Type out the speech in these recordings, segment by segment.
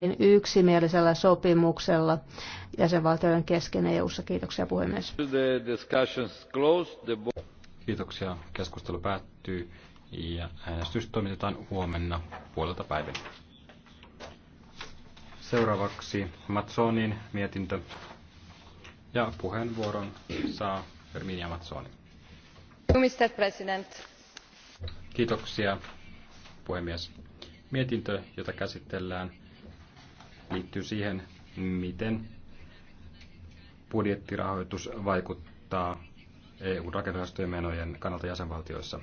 Niin yksimielisellä sopimuksella jäsenvaltioiden kesken EU-ssa. Kiitoksia puhemies. Kiitoksia. Keskustelu päättyy ja äänestys toimitetaan huomenna puolelta päivän. Seuraavaksi Matsonin mietintö ja puheenvuoron saa Herminia Matsoni. Mr. President. Kiitoksia, puhemies. Mietintö, jota käsitellään, liittyy siihen, miten budjettirahoitus vaikuttaa EU-rakennerahastojen menojen kannalta jäsenvaltioissa.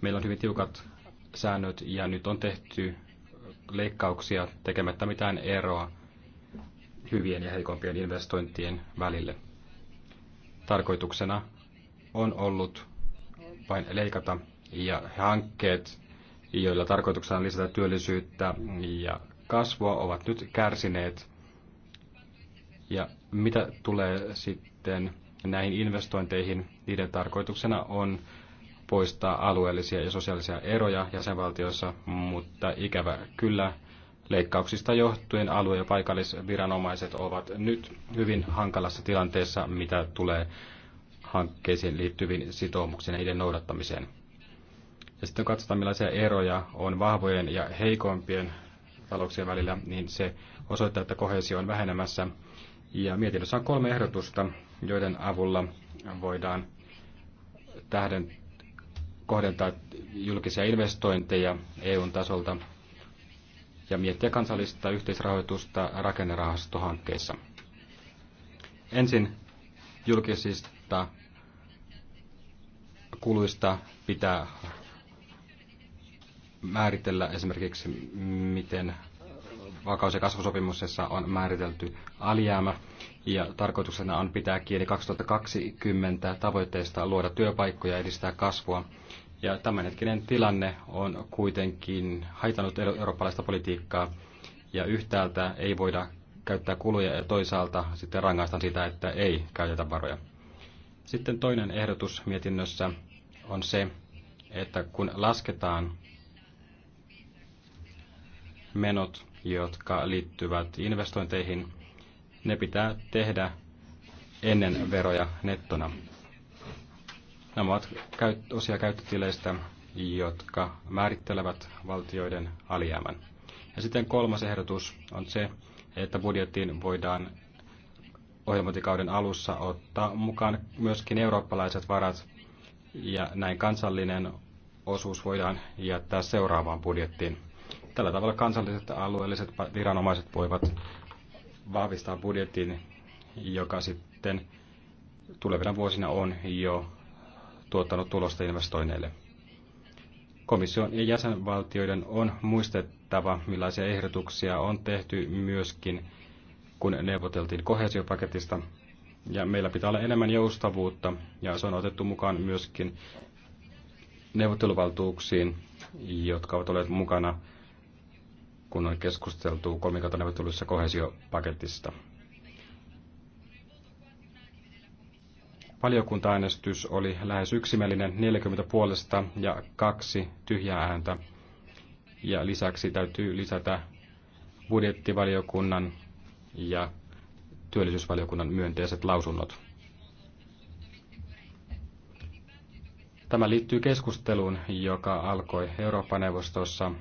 Meillä on hyvin tiukat säännöt ja nyt on tehty leikkauksia tekemättä mitään eroa hyvien ja heikompien investointien välille. Tarkoituksena on ollut vain leikata ja hankkeet, joilla tarkoituksena on lisätä työllisyyttä ja kasvua ovat nyt kärsineet. Ja mitä tulee sitten näihin investointeihin, niiden tarkoituksena on poistaa alueellisia ja sosiaalisia eroja jäsenvaltioissa, mutta ikävä kyllä leikkauksista johtuen alue- ja paikallisviranomaiset ovat nyt hyvin hankalassa tilanteessa, mitä tulee hankkeisiin liittyviin sitoumuksiin ja niiden noudattamiseen. Ja sitten katsotaan, millaisia eroja on vahvojen ja heikompien talouksien välillä, niin se osoittaa, että kohesio on vähenemässä. Ja mietinnössä on kolme ehdotusta, joiden avulla voidaan tähden kohdentaa julkisia investointeja EUn tasolta ja miettiä kansallista yhteisrahoitusta rakennerahastohankkeissa. Ensin julkisista kuluista pitää määritellä esimerkiksi, miten vakaus- ja kasvusopimuksessa on määritelty alijäämä, ja tarkoituksena on pitää kieli 2020 tavoitteista luoda työpaikkoja ja edistää kasvua. Ja tämänhetkinen tilanne on kuitenkin haitannut eurooppalaista politiikkaa, ja yhtäältä ei voida käyttää kuluja ja toisaalta sitten rangaistaan sitä, että ei käytetä varoja. Sitten toinen ehdotus mietinnössä on se, että kun lasketaan menot, jotka liittyvät investointeihin, ne pitää tehdä ennen veroja nettona. Nämä ovat osia käyttötileistä, jotka määrittelevät valtioiden alijäämän. Ja sitten kolmas ehdotus on se, että budjettiin voidaan ohjelmointikauden alussa ottaa mukaan myöskin eurooppalaiset varat, ja näin kansallinen osuus voidaan jättää seuraavaan budjettiin. Tällä tavalla kansalliset ja alueelliset viranomaiset voivat vahvistaa budjetin, joka sitten tulevina vuosina on jo tuottanut tulosta investoinneille. Komission ja jäsenvaltioiden on muistettava, millaisia ehdotuksia on tehty myöskin, kun neuvoteltiin kohesiopaketista. Ja meillä pitää olla enemmän joustavuutta, ja se on otettu mukaan myöskin neuvotteluvaltuuksiin, jotka ovat olleet mukana kun on keskusteltu kolmikantaneuvotteluissa kohesiopaketista. Valiokuntaäänestys oli lähes yksimielinen 40 puolesta ja kaksi tyhjää ääntä. Ja lisäksi täytyy lisätä budjettivaliokunnan ja työllisyysvaliokunnan myönteiset lausunnot. Tämä liittyy keskusteluun, joka alkoi Eurooppa-neuvostossa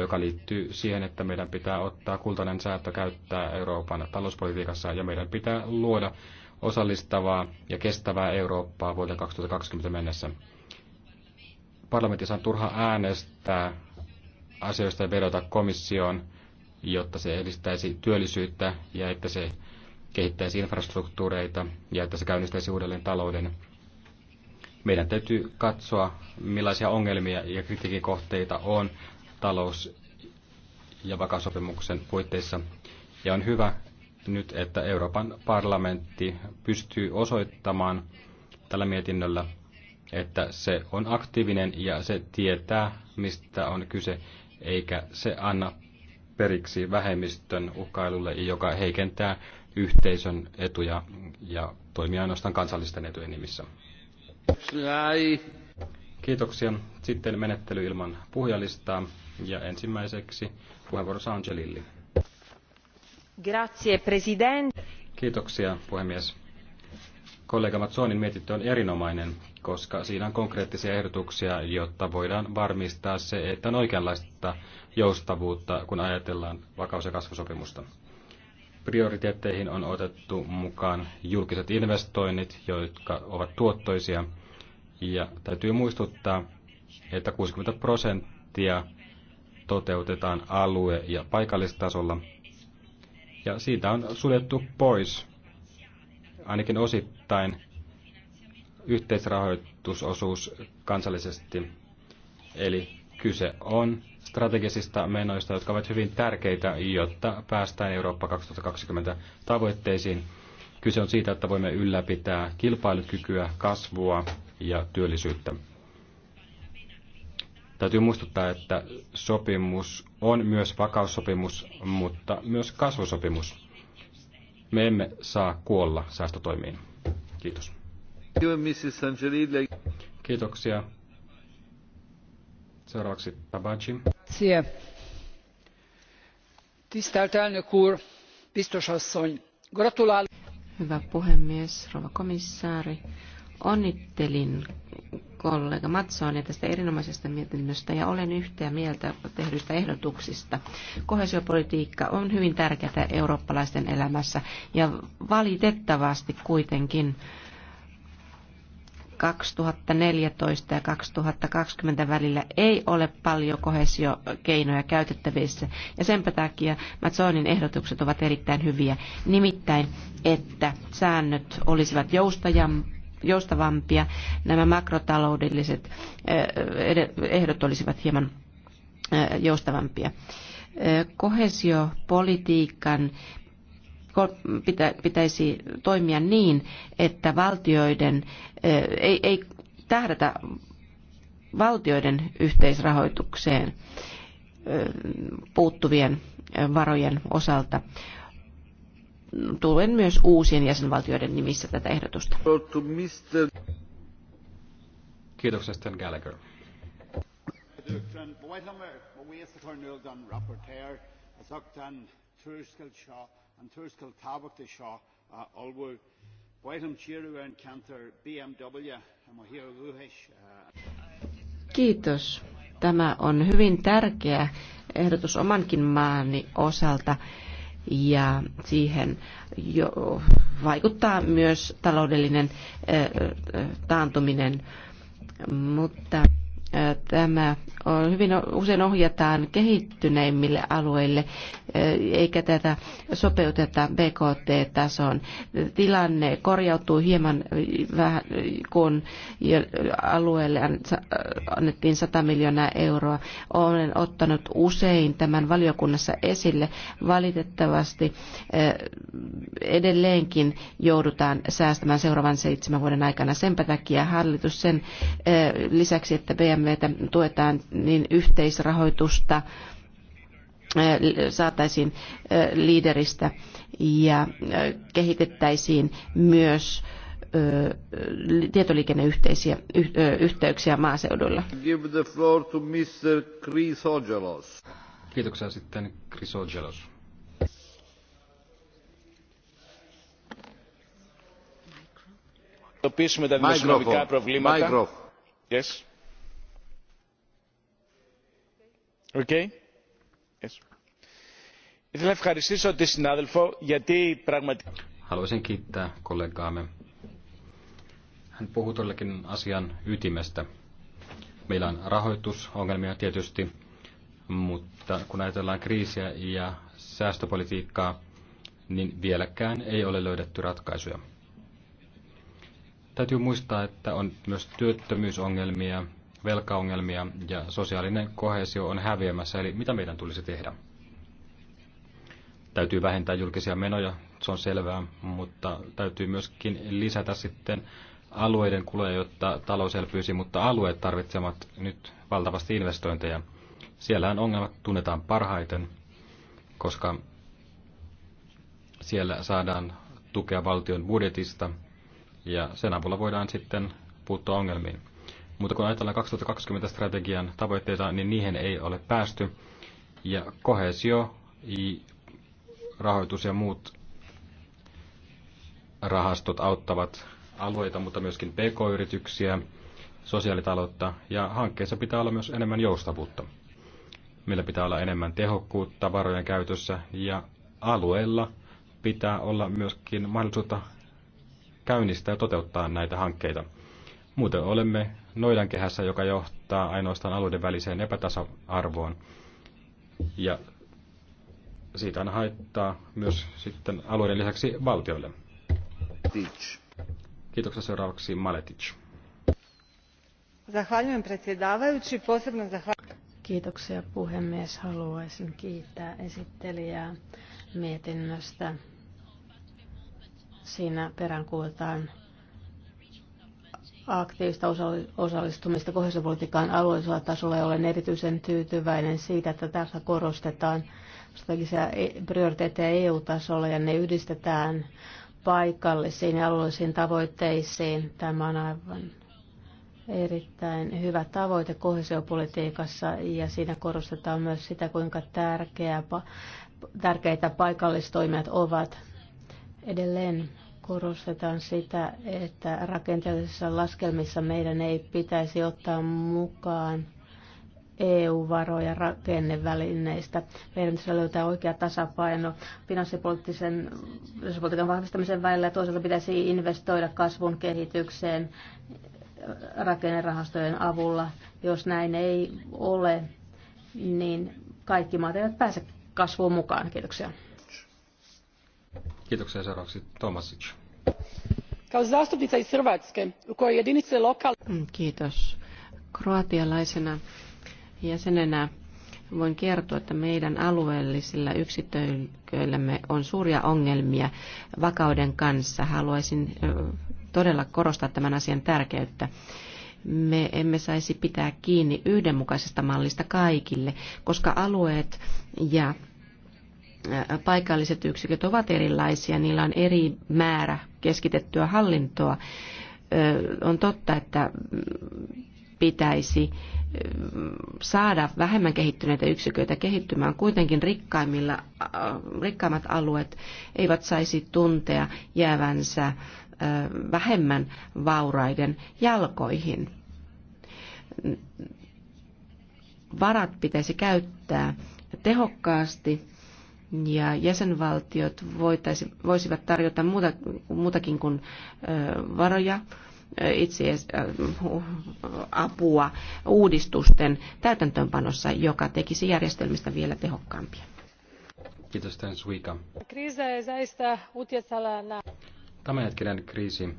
joka liittyy siihen, että meidän pitää ottaa kultainen säätö käyttää Euroopan talouspolitiikassa ja meidän pitää luoda osallistavaa ja kestävää Eurooppaa vuoteen 2020 mennessä. Parlamentissa on turha äänestää asioista ja vedota komissioon, jotta se edistäisi työllisyyttä ja että se kehittäisi infrastruktuureita ja että se käynnistäisi uudelleen talouden. Meidän täytyy katsoa, millaisia ongelmia ja kritiikin kohteita on talous- ja vakaussopimuksen puitteissa. Ja on hyvä nyt, että Euroopan parlamentti pystyy osoittamaan tällä mietinnöllä, että se on aktiivinen ja se tietää, mistä on kyse, eikä se anna periksi vähemmistön uhkailulle, joka heikentää yhteisön etuja ja toimii ainoastaan kansallisten etujen nimissä. Kiitoksia. Sitten menettely ilman puhujalistaa ja ensimmäiseksi puheenvuoro Angelilli. Grazie, president. Kiitoksia, puhemies. Kollega Matsonin mietintö on erinomainen, koska siinä on konkreettisia ehdotuksia, jotta voidaan varmistaa se, että on oikeanlaista joustavuutta, kun ajatellaan vakaus- ja kasvusopimusta. Prioriteetteihin on otettu mukaan julkiset investoinnit, jotka ovat tuottoisia – ja täytyy muistuttaa, että 60 prosenttia toteutetaan alue- ja paikallistasolla. Ja siitä on suljettu pois ainakin osittain yhteisrahoitusosuus kansallisesti. Eli kyse on strategisista menoista, jotka ovat hyvin tärkeitä, jotta päästään Eurooppa 2020 tavoitteisiin. Kyse on siitä, että voimme ylläpitää kilpailukykyä, kasvua, ja työllisyyttä. Täytyy muistuttaa, että sopimus on myös vakaussopimus, mutta myös kasvusopimus. Me emme saa kuolla säästötoimiin. Kiitos. Kiitoksia. Seuraavaksi Tabaci. Hyvä puhemies, rouva komissaari. Onnittelin kollega Matsonia tästä erinomaisesta mietinnöstä ja olen yhtä mieltä tehdyistä ehdotuksista. Kohesiopolitiikka on hyvin tärkeää eurooppalaisten elämässä ja valitettavasti kuitenkin 2014 ja 2020 välillä ei ole paljon kohesiokeinoja käytettävissä. Ja senpä takia Matsonin ehdotukset ovat erittäin hyviä. Nimittäin, että säännöt olisivat joustajampia joustavampia, nämä makrotaloudelliset eh, eh, ehdot olisivat hieman eh, joustavampia. Kohesiopolitiikan pitäisi toimia niin, että valtioiden ei, ei tähdätä valtioiden yhteisrahoitukseen puuttuvien varojen osalta, tuen myös uusien jäsenvaltioiden nimissä tätä ehdotusta. Kiitoksia Gallagher. Kiitos. Tämä on hyvin tärkeä ehdotus omankin maani osalta ja siihen jo vaikuttaa myös taloudellinen taantuminen, mutta tämä hyvin usein ohjataan kehittyneimmille alueille eikä tätä sopeuteta BKT-tasoon. Tilanne korjautuu hieman vähän, kun alueelle annettiin 100 miljoonaa euroa. Olen ottanut usein tämän valiokunnassa esille. Valitettavasti eh, edelleenkin joudutaan säästämään seuraavan seitsemän vuoden aikana. Sen takia hallitus sen eh, lisäksi, että BMWtä tuetaan, niin yhteisrahoitusta saataisiin liideristä ja kehitettäisiin myös tietoliikenneyhteisiä yhteyksiä maaseudulla. Give the floor to Mr. Chrysogelos. Kiitoksia sitten Chrysogelos. αντιμετωπίσουμε τα δημοσιονομικά προβλήματα. Yes. Okay. Haluaisin kiittää kollegaamme. Hän puhuu todellakin asian ytimestä. Meillä on rahoitusongelmia tietysti, mutta kun ajatellaan kriisiä ja säästöpolitiikkaa, niin vieläkään ei ole löydetty ratkaisuja. Täytyy muistaa, että on myös työttömyysongelmia velkaongelmia ja sosiaalinen kohesio on häviämässä, eli mitä meidän tulisi tehdä? Täytyy vähentää julkisia menoja, se on selvää, mutta täytyy myöskin lisätä sitten alueiden kuluja, jotta talous elpyisi, mutta alueet tarvitsevat nyt valtavasti investointeja. Siellähän ongelmat tunnetaan parhaiten, koska siellä saadaan tukea valtion budjetista ja sen avulla voidaan sitten puuttua ongelmiin. Mutta kun ajatellaan 2020 strategian tavoitteita, niin niihin ei ole päästy. Ja kohesio, rahoitus ja muut rahastot auttavat alueita, mutta myöskin pk-yrityksiä, sosiaalitaloutta ja hankkeessa pitää olla myös enemmän joustavuutta. Meillä pitää olla enemmän tehokkuutta varojen käytössä ja alueella pitää olla myöskin mahdollisuutta käynnistää ja toteuttaa näitä hankkeita. Muuten olemme noidankehässä, joka johtaa ainoastaan alueiden väliseen epätasa-arvoon. Ja siitä on haittaa myös sitten alueiden lisäksi valtioille. Kiitoksia, Kiitoksia seuraavaksi Maletic. Kiitoksia puhemies. Haluaisin kiittää esittelijää mietinnöstä. Siinä peräänkuultaan aktiivista osallistumista kohdallisuuspolitiikkaan alueellisella tasolla ja olen erityisen tyytyväinen siitä, että tässä korostetaan strategisia e-, prioriteetteja EU-tasolla ja ne yhdistetään paikallisiin ja alueellisiin tavoitteisiin. Tämä on aivan erittäin hyvä tavoite kohesiopolitiikassa ja siinä korostetaan myös sitä, kuinka tärkeä, tärkeitä paikallistoimijat ovat edelleen korostetaan sitä, että rakenteellisissa laskelmissa meidän ei pitäisi ottaa mukaan EU-varoja rakennevälineistä. Meidän pitäisi löytää oikea tasapaino finanssipoliittisen finanssipolitiikan vahvistamisen välillä ja toisaalta pitäisi investoida kasvun kehitykseen rakennerahastojen avulla. Jos näin ei ole, niin kaikki maat eivät pääse kasvuun mukaan. Kiitoksia. Kiitoksia seuraavaksi Tomasic. Kao zastupnica iz Hrvatske, u kojoj jedinice lokalne... Mm, kiitos. Kroatialaisena jäsenenä voin kertoa, että meidän alueellisilla yksiköillämme on suuria ongelmia vakauden kanssa. Haluaisin todella korostaa tämän asian tärkeyttä. Me emme saisi pitää kiinni yhdenmukaisesta mallista kaikille, koska alueet ja paikalliset yksiköt ovat erilaisia, niillä on eri määrä keskitettyä hallintoa. On totta, että pitäisi saada vähemmän kehittyneitä yksiköitä kehittymään. Kuitenkin rikkaimmilla, rikkaimmat alueet eivät saisi tuntea jäävänsä vähemmän vauraiden jalkoihin. Varat pitäisi käyttää tehokkaasti ja jäsenvaltiot voitaisi, voisivat tarjota muuta, muutakin kuin varoja, itse apua uudistusten täytäntöönpanossa, joka tekisi järjestelmistä vielä tehokkaampia. Kiitos, Tän Suika. Tämänhetkinen kriisi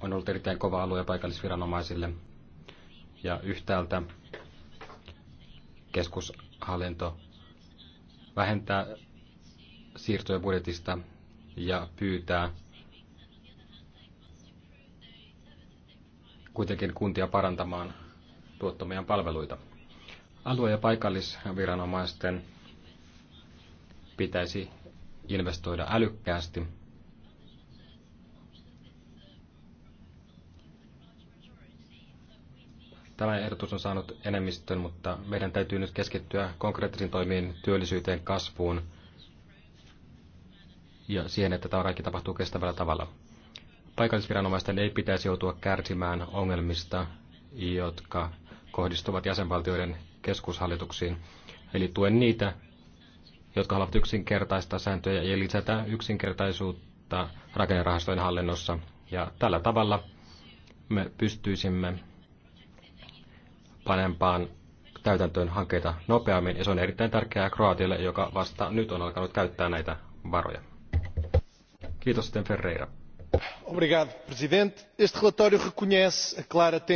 on ollut erittäin kova alue paikallisviranomaisille. Ja yhtäältä keskushallinto vähentää siirtoja budjetista ja pyytää kuitenkin kuntia parantamaan tuottamia palveluita. Alue- ja paikallisviranomaisten pitäisi investoida älykkäästi Tämä ehdotus on saanut enemmistön, mutta meidän täytyy nyt keskittyä konkreettisiin toimiin, työllisyyteen, kasvuun ja siihen, että tämä kaikki tapahtuu kestävällä tavalla. Paikallisviranomaisten ei pitäisi joutua kärsimään ongelmista, jotka kohdistuvat jäsenvaltioiden keskushallituksiin. Eli tuen niitä, jotka haluavat yksinkertaistaa sääntöjä ja lisätä yksinkertaisuutta rakennerahastojen hallinnossa. Ja tällä tavalla me pystyisimme panempaan täytäntöön hankkeita nopeammin, ja se on erittäin tärkeää Kroatialle, joka vasta nyt on alkanut käyttää näitä varoja. Kiitos sitten Ferreira. Obrigado,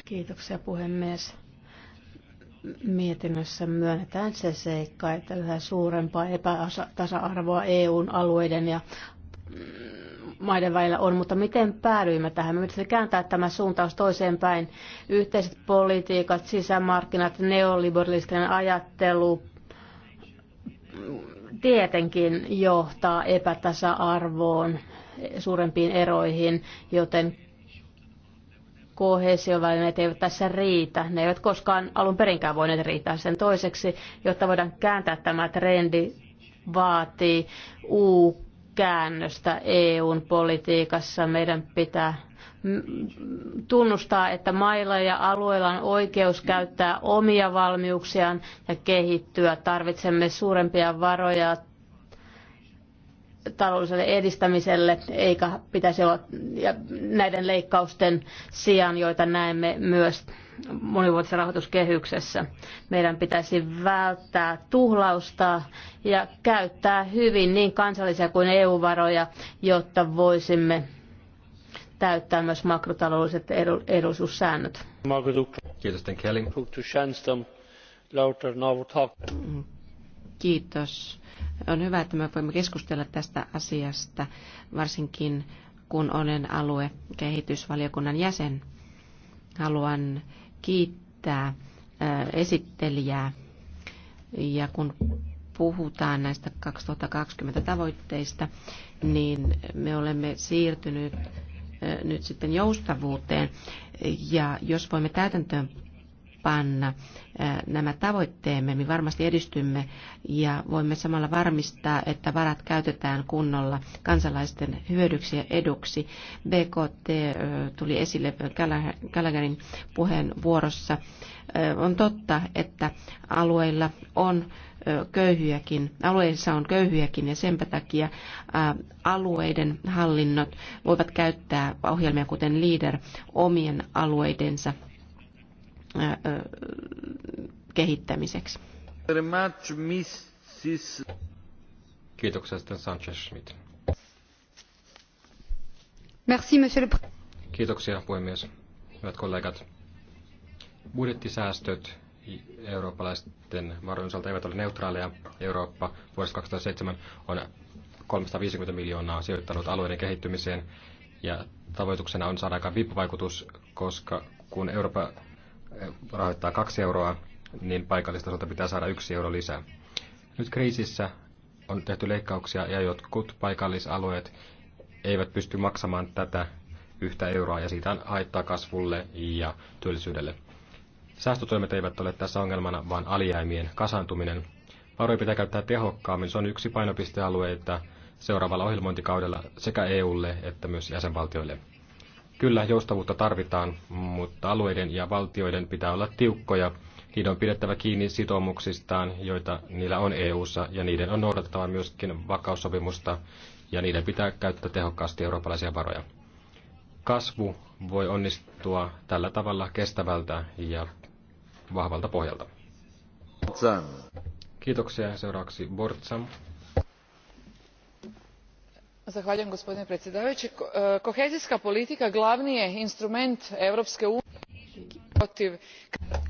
Kiitoksia puhemies. Mietinnössä myönnetään se seikka, että yhä suurempaa epätasa-arvoa EUn alueiden ja maiden välillä on, mutta miten päädyimme tähän? Me pitäisi kääntää tämä suuntaus toiseen päin. Yhteiset politiikat, sisämarkkinat, neoliberalistinen ajattelu tietenkin johtaa epätasa-arvoon, suurempiin eroihin, joten kohesiovälineet eivät tässä riitä. Ne eivät koskaan alun perinkään voineet riittää sen toiseksi, jotta voidaan kääntää tämä trendi vaatii UK käännöstä EUn politiikassa. Meidän pitää tunnustaa, että mailla ja alueilla on oikeus käyttää omia valmiuksiaan ja kehittyä. Tarvitsemme suurempia varoja taloudelliselle edistämiselle, eikä pitäisi olla ja näiden leikkausten sijaan, joita näemme myös monivuotisessa rahoituskehyksessä. Meidän pitäisi välttää tuhlausta ja käyttää hyvin niin kansallisia kuin EU-varoja, jotta voisimme täyttää myös makrotaloudelliset edullisuussäännöt. Kiitos, Kelly. Kiitos. On hyvä, että me voimme keskustella tästä asiasta, varsinkin kun olen aluekehitysvaliokunnan jäsen. Haluan kiittää äh, esittelijää ja kun puhutaan näistä 2020 tavoitteista, niin me olemme siirtyneet äh, nyt sitten joustavuuteen. Ja jos voimme täytäntöön panna nämä tavoitteemme, me varmasti edistymme ja voimme samalla varmistaa, että varat käytetään kunnolla kansalaisten hyödyksi ja eduksi. BKT tuli esille Gallagherin puheenvuorossa. On totta, että alueilla on köyhyjäkin, alueissa on köyhyjäkin ja senpä takia alueiden hallinnot voivat käyttää ohjelmia kuten Leader omien alueidensa kehittämiseksi. Kiitoksia sitten Sanchez-Schmidt. Merci, monsieur le... Kiitoksia puhemies. Hyvät kollegat, budjettisäästöt eurooppalaisten varojen osalta eivät ole neutraaleja. Eurooppa vuodesta 2007 on 350 miljoonaa sijoittanut alueiden kehittymiseen ja tavoituksena on saada aika vipuvaikutus, koska kun Eurooppa rahoittaa kaksi euroa, niin paikallistasolta pitää saada yksi euro lisää. Nyt kriisissä on tehty leikkauksia ja jotkut paikallisalueet eivät pysty maksamaan tätä yhtä euroa ja siitä on haittaa kasvulle ja työllisyydelle. Säästötoimet eivät ole tässä ongelmana, vaan alijäämien kasaantuminen. Varoja pitää käyttää tehokkaammin. Se on yksi painopistealueita seuraavalla ohjelmointikaudella sekä EUlle että myös jäsenvaltioille. Kyllä, joustavuutta tarvitaan, mutta alueiden ja valtioiden pitää olla tiukkoja. Niiden on pidettävä kiinni sitoumuksistaan, joita niillä on EU:ssa, ja niiden on noudatettava myöskin vakaussopimusta, ja niiden pitää käyttää tehokkaasti eurooppalaisia varoja. Kasvu voi onnistua tällä tavalla kestävältä ja vahvalta pohjalta. Kiitoksia. Seuraavaksi Bortsam gospodine predsjedavajui e, kohezijska politika glavni je instrument europske unije protiv.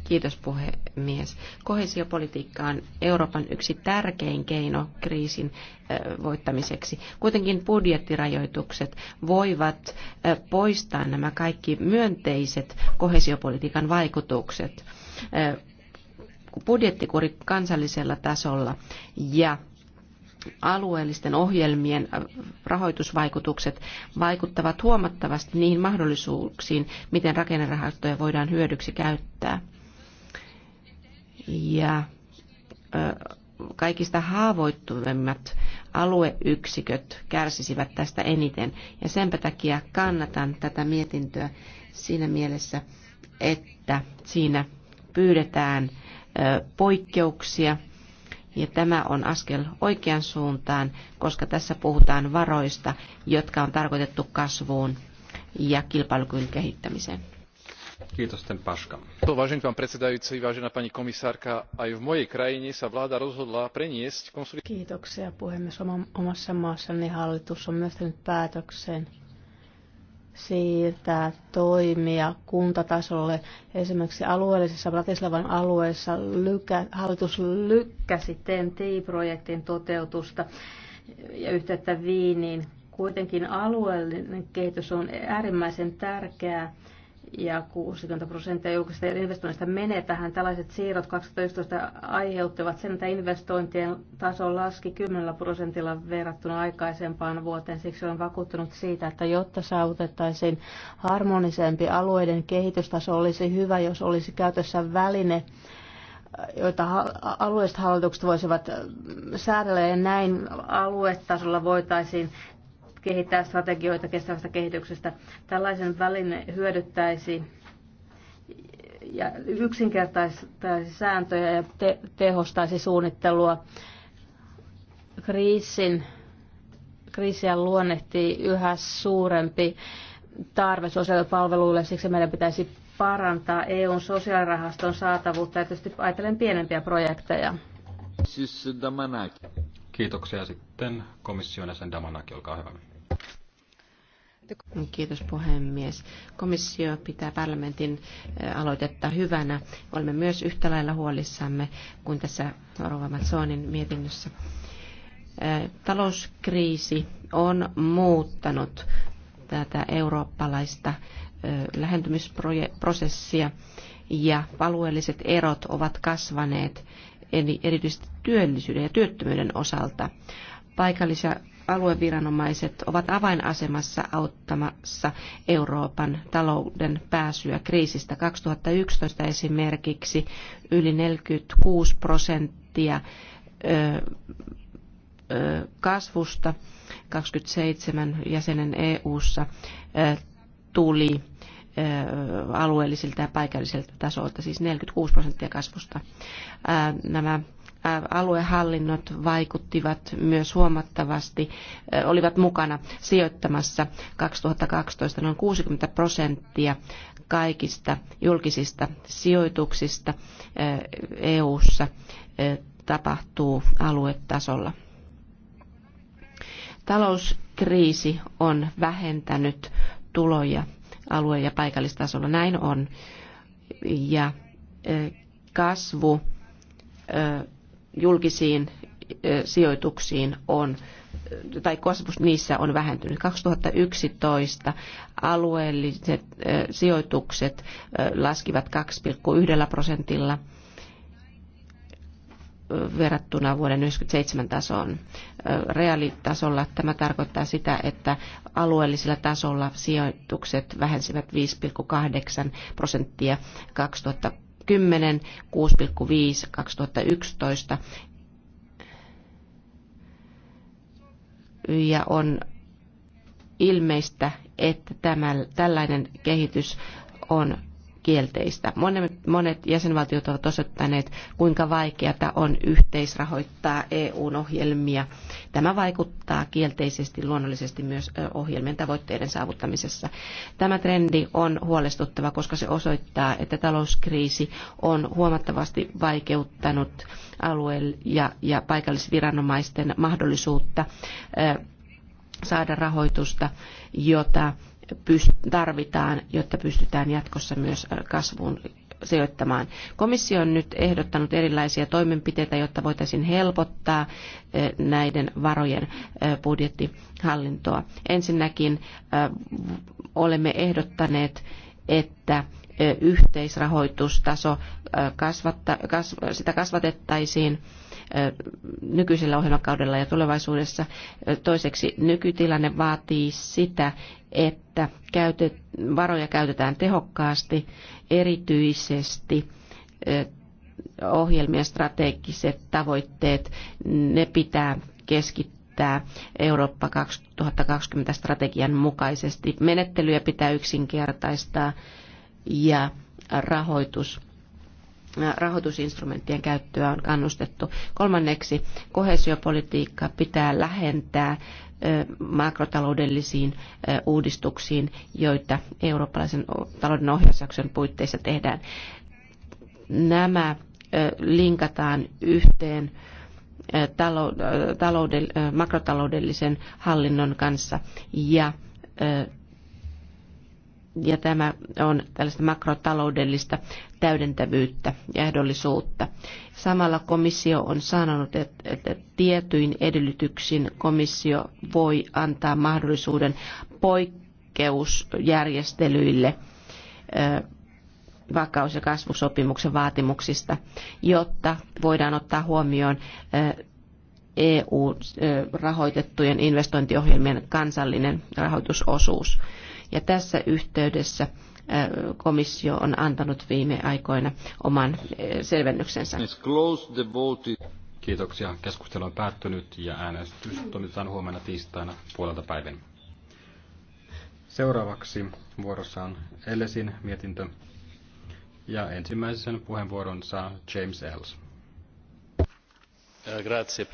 Kiitos puhemies. on Euroopan yksi tärkein keino kriisin e, voittamiseksi. Kuitenkin budjettirajoitukset voivat e, poistaa nämä kaikki myönteiset koheesiopolitiikan vaikutukset budjettikuri kansallisella tasolla ja alueellisten ohjelmien rahoitusvaikutukset vaikuttavat huomattavasti niihin mahdollisuuksiin, miten rakennerahastoja voidaan hyödyksi käyttää. Ja kaikista haavoittuvimmat alueyksiköt kärsisivät tästä eniten. Ja sen takia kannatan tätä mietintöä siinä mielessä, että siinä pyydetään poikkeuksia – ja tämä on askel oikean suuntaan, koska tässä puhutaan varoista, jotka on tarkoitettu kasvuun ja kilpailukyvyn kehittämiseen. Kiitos, ten Paška. Vážený pán predsedajúci, vážená pani komisárka, aj v mojej krajine sa vláda rozhodla preniesť konsolidáciu. Kiitoksia puhemies. Omassa maassani hallitus on myöstänyt päätöksen siirtää toimia kuntatasolle. Esimerkiksi alueellisessa Bratislavan alueessa lykä, hallitus lykkäsi TEN-T-projektin toteutusta ja yhteyttä Viiniin. Kuitenkin alueellinen kehitys on äärimmäisen tärkeää ja 60 prosenttia julkisista investoinnista menee tähän. Tällaiset siirrot 2011 aiheuttivat sen, että investointien taso laski 10 prosentilla verrattuna aikaisempaan vuoteen. Siksi olen vakuuttunut siitä, että jotta saavutettaisiin harmonisempi alueiden kehitystaso, olisi hyvä, jos olisi käytössä väline, joita alueelliset hallitukset voisivat säädellä ja näin aluetasolla voitaisiin kehittää strategioita kestävästä kehityksestä. Tällaisen välin hyödyttäisi ja yksinkertaistaisi sääntöjä ja te- tehostaisi suunnittelua. Kriisin, kriisiä luonnehtii yhä suurempi tarve sosiaalipalveluille, siksi meidän pitäisi parantaa EUn sosiaalirahaston saatavuutta ja tietysti ajatellen pienempiä projekteja. Siis Kiitoksia sitten komission jäsen Damanaki, olkaa hyvä. Kiitos puhemies. Komissio pitää parlamentin eh, aloitetta hyvänä. Olemme myös yhtä lailla huolissamme kuin tässä Rova Matsonin mietinnössä. Eh, talouskriisi on muuttanut tätä eurooppalaista eh, lähentymisprosessia ja alueelliset erot ovat kasvaneet eli erityisesti työllisyyden ja työttömyyden osalta. Paikallis- ja alueviranomaiset ovat avainasemassa auttamassa Euroopan talouden pääsyä kriisistä. 2011 esimerkiksi yli 46 prosenttia kasvusta 27 jäsenen EU:ssa tuli Äh, alueellisilta ja paikallisilta tasoilta, siis 46 prosenttia kasvusta. Äh, nämä äh, aluehallinnot vaikuttivat myös huomattavasti, olivat mukana sijoittamassa 2012 noin 60 prosenttia kaikista julkisista sijoituksista EU-ssa tapahtuu aluetasolla. Talouskriisi on vähentänyt tuloja alue- ja paikallistasolla. Näin on. Ja kasvu julkisiin sijoituksiin on tai kasvu niissä on vähentynyt. 2011 alueelliset sijoitukset laskivat 2,1 prosentilla verrattuna vuoden 1997 tasoon. Reaalitasolla tämä tarkoittaa sitä, että alueellisella tasolla sijoitukset vähensivät 5,8 prosenttia 2010, 6,5 2011 ja on ilmeistä, että tämä, tällainen kehitys on kielteistä. Monet, jäsenvaltiot ovat osoittaneet, kuinka vaikeata on yhteisrahoittaa EUn ohjelmia. Tämä vaikuttaa kielteisesti luonnollisesti myös ohjelmien tavoitteiden saavuttamisessa. Tämä trendi on huolestuttava, koska se osoittaa, että talouskriisi on huomattavasti vaikeuttanut alueelle ja, ja paikallisviranomaisten mahdollisuutta saada rahoitusta, jota tarvitaan, jotta pystytään jatkossa myös kasvuun sijoittamaan. Komissio on nyt ehdottanut erilaisia toimenpiteitä, jotta voitaisiin helpottaa näiden varojen budjettihallintoa. Ensinnäkin olemme ehdottaneet, että yhteisrahoitustaso kasvatta, kas, sitä kasvatettaisiin nykyisellä ohjelmakaudella ja tulevaisuudessa. Toiseksi nykytilanne vaatii sitä, että käytet, varoja käytetään tehokkaasti, erityisesti ohjelmien strategiset tavoitteet, ne pitää keskittää kehittää Eurooppa 2020 strategian mukaisesti. Menettelyjä pitää yksinkertaistaa ja rahoitus rahoitusinstrumenttien käyttöä on kannustettu. Kolmanneksi, kohesiopolitiikka pitää lähentää makrotaloudellisiin uudistuksiin, joita eurooppalaisen talouden ohjausjakson puitteissa tehdään. Nämä linkataan yhteen makrotaloudellisen hallinnon kanssa ja ja tämä on tällaista makrotaloudellista täydentävyyttä ja ehdollisuutta. Samalla komissio on sanonut, että tietyin edellytyksin komissio voi antaa mahdollisuuden poikkeusjärjestelyille vakaus- ja kasvusopimuksen vaatimuksista, jotta voidaan ottaa huomioon EU-rahoitettujen investointiohjelmien kansallinen rahoitusosuus. Ja tässä yhteydessä äh, komissio on antanut viime aikoina oman äh, selvennyksensä. Kiitoksia. Keskustelu on päättynyt ja äänestys toimitetaan huomenna tiistaina puolelta päivän. Seuraavaksi vuorossa on Ellesin mietintö ja ensimmäisen puheenvuoron saa James Ells. Äh, grazie.